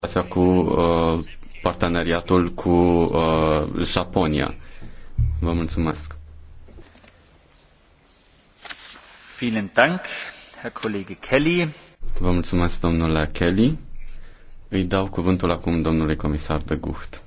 relația cu uh, parteneriatul cu uh, Japonia. Vă mulțumesc. Vielen Dank, Herr Kollege Kelly. Vă mulțumesc, domnule Kelly. Îi dau cuvântul acum domnului comisar de Gucht.